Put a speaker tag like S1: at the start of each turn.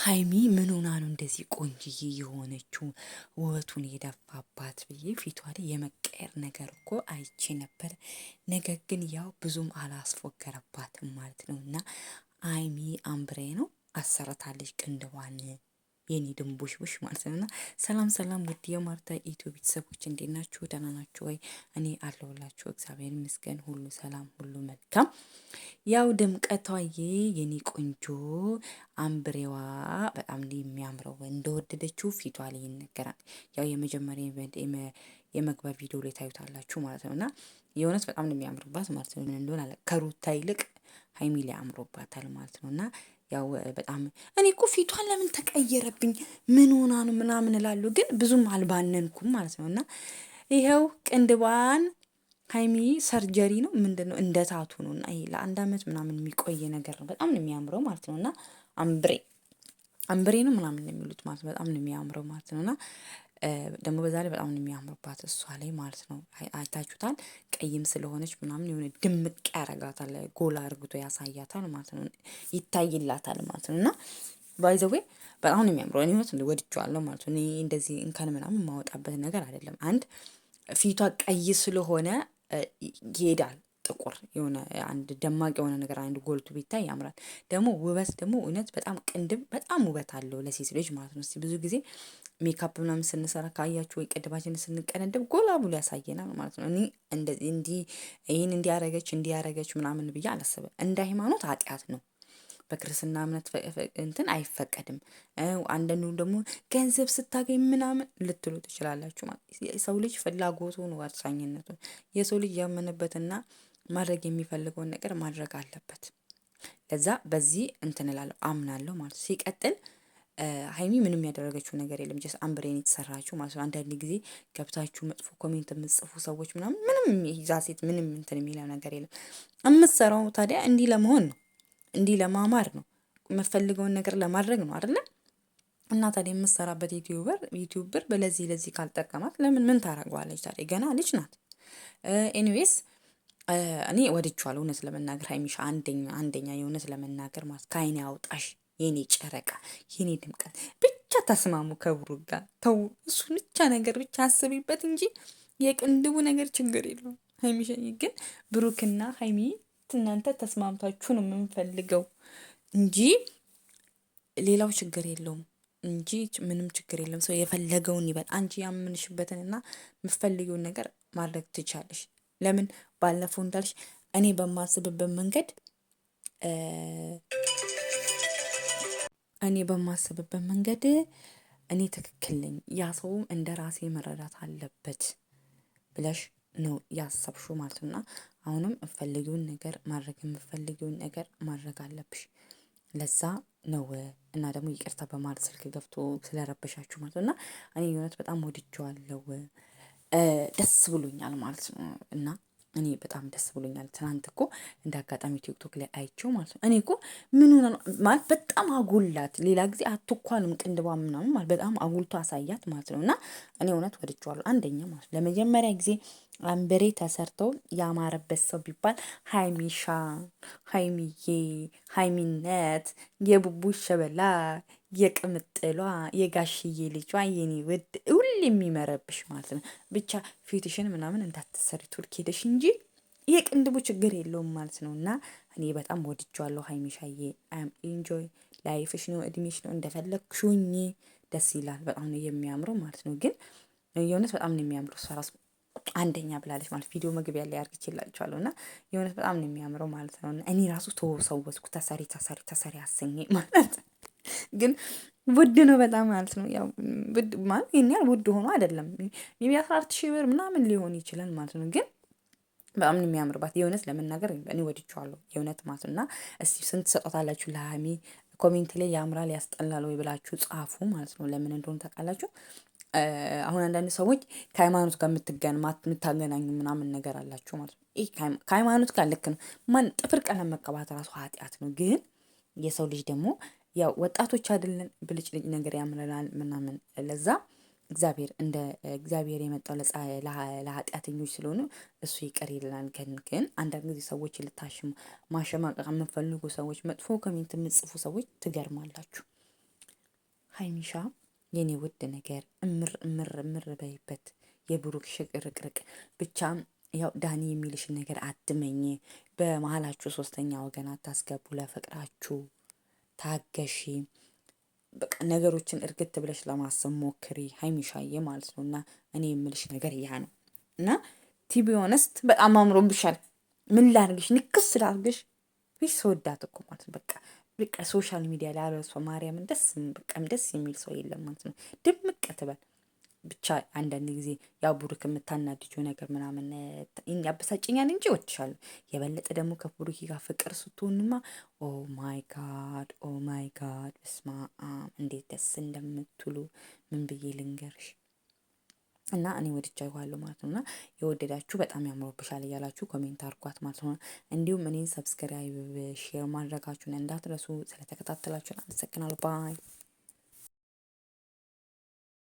S1: ሀይሚ ምኑና ነው እንደዚህ ቆንጅዬ የሆነችው ውበቱን የደፋባት ብዬ ፊቷ ላይ የመቀየር ነገር እኮ አይቼ ነበር። ነገር ግን ያው ብዙም አላስፎገረባትም ማለት ነው እና ሀይሚ አምብሬ ነው አሰረታለች ቅንድቧን የኔ ድንቦሽቦሽ ማለት ነው። እና ሰላም ሰላም፣ ውድ የማርታ ኢትዮ ቤተሰቦች እንዴት ናችሁ? ደህና ናችሁ ወይ? እኔ አለሁላችሁ። እግዚአብሔር ይመስገን፣ ሁሉ ሰላም፣ ሁሉ መልካም። ያው ድምቀቷዬ የኔ ቆንጆ አምብሬዋ በጣም የሚያምረው እንደወደደችው ፊቷ ላይ ይነገራል። ያው የመጀመሪያ የመግቢያ ቪዲዮ ላይ ታዩታላችሁ ማለት ነው እና የእውነት በጣም ነው የሚያምርባት ማለት ነው። ምን እንደሆነ አለ ከሩታ ይልቅ ሀይሚ ላይ አምሮባታል ማለት ነው እና ያው በጣም እኔ እኮ ፊቷን ለምን ተቀየረብኝ ምን ሆና ነው ምናምን እላሉ፣ ግን ብዙም አልባነንኩም ማለት ነው። እና ይኸው ቅንድቧን ሀይሚ ሰርጀሪ ነው ምንድን ነው እንደ ታቱ ነው። እና ይሄ ለአንድ አመት ምናምን የሚቆይ ነገር ነው። በጣም ነው የሚያምረው ማለት ነው። እና አምብሬ አምብሬ ነው ምናምን የሚሉት ማለት ነው። በጣም ነው የሚያምረው ማለት ነው እና ደግሞ በዛ ላይ በጣም የሚያምርባት እሷ ላይ ማለት ነው። አይታችሁታል። ቀይም ስለሆነች ምናምን የሆነ ድምቅ ያረጋታል፣ ጎላ አርግቶ ያሳያታል ማለት ነው። ይታይላታል ማለት ነው። እና ባይዘዌ በጣም ነው የሚያምረው። እኔ እውነት ወድጄዋለሁ ማለት ነው። እኔ እንደዚህ እንከን ምናምን የማወጣበት ነገር አይደለም። አንድ ፊቷ ቀይ ስለሆነ ይሄዳል ጥቁር የሆነ አንድ ደማቅ የሆነ ነገር አንድ ጎልቱ ቢታይ ያምራል። ደግሞ ውበት ደግሞ እውነት በጣም ቅንድም በጣም ውበት አለው ለሴት ልጅ ማለት ነው። ብዙ ጊዜ ሜካፕ ምናምን ስንሰራ ካያችሁ ወይ ቅድባችን ስንቀነድብ ጎላ ብሎ ያሳየናል ማለት ነው። እኔ እንደዚህ እንዲህ ይህን እንዲያረገች እንዲያረገች ምናምን ብዬ አላስበ እንደ ሃይማኖት ኃጢአት ነው። በክርስትና እምነት እንትን አይፈቀድም። አንዳንዱ ደግሞ ገንዘብ ስታገኝ ምናምን ልትሉ ትችላላችሁ። ሰው ልጅ ፍላጎቱ ነው ወሳኝነቱ። የሰው ልጅ ያመነበትና ማድረግ የሚፈልገውን ነገር ማድረግ አለበት። ለዛ በዚህ እንትን እላለሁ አምናለሁ ማለት ሲቀጥል ሀይሚ ምንም ያደረገችው ነገር የለም። ጀስ አምብሬን የተሰራችው ማለት ነው። አንዳንድ ጊዜ ገብታችሁ መጥፎ ኮሜንት የምትጽፉ ሰዎች ምናምን ምንም ይዛ ሴት ምንም እንትን የሚለው ነገር የለም። የምትሰራው ታዲያ እንዲህ ለመሆን ነው፣ እንዲህ ለማማር ነው፣ የምፈልገውን ነገር ለማድረግ ነው አይደለ? እና ታዲያ የምትሰራበት ዩቲዩበር ዩቲዩብ በለዚህ ለዚህ ካልጠቀማት ለምን ምን ታረገዋለች ታዲያ? ገና ልጅ ናት። ኤኒዌይስ እኔ ወድቻለሁ፣ እውነት ለመናገር ሀይሚሻ አንደኛ አንደኛ የእውነት ለመናገር ማለት ከአይኔ አውጣሽ የኔ ጨረቃ፣ የኔ ድምቀት ብቻ ተስማሙ ከብሩ ጋር ተው። እሱ ብቻ ነገር ብቻ አስቢበት እንጂ የቅንድቡ ነገር ችግር የለው። ሀይሚሸኝ ግን ብሩክና ሀይሚ እናንተ ተስማምታችሁ ነው የምንፈልገው እንጂ ሌላው ችግር የለውም እንጂ ምንም ችግር የለም። ሰው የፈለገውን ይበል። አንቺ ያምንሽበትንና የምፈልገውን ነገር ማድረግ ትቻለሽ። ለምን ባለፈው እንዳልሽ እኔ በማስብበት መንገድ እኔ በማስብበት መንገድ እኔ ትክክል ነኝ፣ ያ ሰውም እንደ ራሴ መረዳት አለበት ብለሽ ነው ያሰብሹ ማለት ነው። እና አሁንም የምፈልጊውን ነገር ማድረግ የምፈልጊውን ነገር ማድረግ አለብሽ። ለዛ ነው እና ደግሞ ይቅርታ በማለት ስልክ ገብቶ ስለረበሻችሁ ማለት ነው። እና እኔ የእውነት በጣም ወድጄዋለሁ፣ ደስ ብሎኛል ማለት ነው እና እኔ በጣም ደስ ብሎኛል። ትናንት እኮ እንደ አጋጣሚ ቲክቶክ ላይ አይቼው ማለት ነው። እኔ እኮ ምን ሆነ ማለት በጣም አጉላት፣ ሌላ ጊዜ አትኳልም ቅንድባ ምናምን ማለት በጣም አጉልቶ አሳያት ማለት ነው። እና እኔ እውነት ወድቼዋለሁ። አንደኛ ማለት ለመጀመሪያ ጊዜ አንበሬ ተሰርተው ያማረበት ሰው ቢባል ሀይሚሻ፣ ሀይሚዬ፣ ሀይሚነት፣ የቡቡ ሸበላ የቅምጥሏ የጋሽዬ ልጇ የኔ ውድ ሁሌ የሚመረብሽ ማለት ነው። ብቻ ፊትሽን ምናምን እንዳትሰሪ ቱርክ ሄደሽ እንጂ የቅንድቡ ችግር የለውም ማለት ነው። እና እኔ በጣም ወድጄዋለሁ ሀይሚሻዬ። አም ኢንጆይ ላይፍሽ ነው እድሜሽ ነው እንደፈለግሽ ሁኚ። ደስ ይላል። በጣም ነው የሚያምረው ማለት ነው። ግን የእውነት በጣም ነው የሚያምረው እሷ አንደኛ ብላለች ማለት ቪዲዮ መግቢያ ላይ አድርጌ ይላችኋለሁ። እና የእውነት በጣም ነው የሚያምረው ማለት ነው። እኔ ራሱ ተወሰወስኩ ተሰሪ ተሰሪ ተሰሪ አሰኘ ማለት ነው። ግን ውድ ነው በጣም ማለት ነው። ያው ውድ ማለት ይሄን ያህል ውድ ሆኖ አይደለም። ሜቢ አስራ አራት ሺህ ብር ምናምን ሊሆን ይችላል ማለት ነው። ግን በጣም ነው የሚያምርባት የእውነት ለመናገር እኔ ወድቼዋለሁ የእውነት ማለት ነው። እና እስቲ ስንት ሰጧታላችሁ ለሀሚ ኮሜንት ላይ ያምራል ያስጠላል ወይ ብላችሁ ጻፉ ማለት ነው። ለምን እንደሆነ ታውቃላችሁ። አሁን አንዳንድ ሰዎች ከሃይማኖት ጋር የምታገናኙ ምናምን ነገር አላችሁ ማለት ነው። ይህ ከሃይማኖት ጋር ልክ ነው። ማን ጥፍር ቀለም መቀባት ራሱ ኃጢአት ነው። ግን የሰው ልጅ ደግሞ ያው ወጣቶች አይደለን ብልጭልጭ ነገር ያምረናል ምናምን ለዛ እግዚአብሔር እንደ እግዚአብሔር የመጣው ለኃጢአተኞች ስለሆኑ እሱ ይቅር ይልናል። ግን ግን አንዳንድ ጊዜ ሰዎች ልታሽሙ ማሸማቀቅ የምፈልጉ ሰዎች፣ መጥፎ ኮሜንት የምጽፉ ሰዎች ትገርማላችሁ። ሀይሚሻ የኔ ውድ ነገር እምር እምር እምር በይበት። የብሩክ ሽቅርቅርቅ ብቻ ያው ዳኒ የሚልሽን ነገር አትመኝ። በመሀላችሁ ሶስተኛ ወገን አታስገቡ ለፍቅራችሁ ታገሺ፣ በቃ ነገሮችን እርግት ብለሽ ለማሰብ ሞክሪ ሀይሚሻዬ ማለት ነው። እና እኔ የምልሽ ነገር ያ ነው እና ቲቢ ሆነስት በጣም አምሮብሻል። ምን ላርግሽ? ንክስ ስላርግሽ ፊት ሰወዳት እኮ ማለት ነው። በቃ በቃ ሶሻል ሚዲያ ላይ አለሷ ማርያምን ደስ በቃም ደስ የሚል ሰው የለም ማለት ነው። ድምቅ ትበል ብቻ አንዳንድ ጊዜ ያው ቡሩክ የምታናድጁ ነገር ምናምን ያበሳጭኛል እንጂ እወድሻለሁ። የበለጠ ደግሞ ከቡሩክ ጋር ፍቅር ስትሆንማ ኦ ማይ ጋድ ኦ ማይ ጋድ እስማ እንዴት ደስ እንደምትሉ ምን ብዬ ልንገርሽ። እና እኔ ወድጃለሁ ማለት ነው። እና የወደዳችሁ በጣም ያምሮብሻል እያላችሁ ኮሜንት አርጓት ማለት ነው። እንዲሁም እኔን ሰብስክራይብ፣ ሼር ማድረጋችሁን እንዳትረሱ። ስለተከታተላችሁን አመሰግናለሁ። ባይ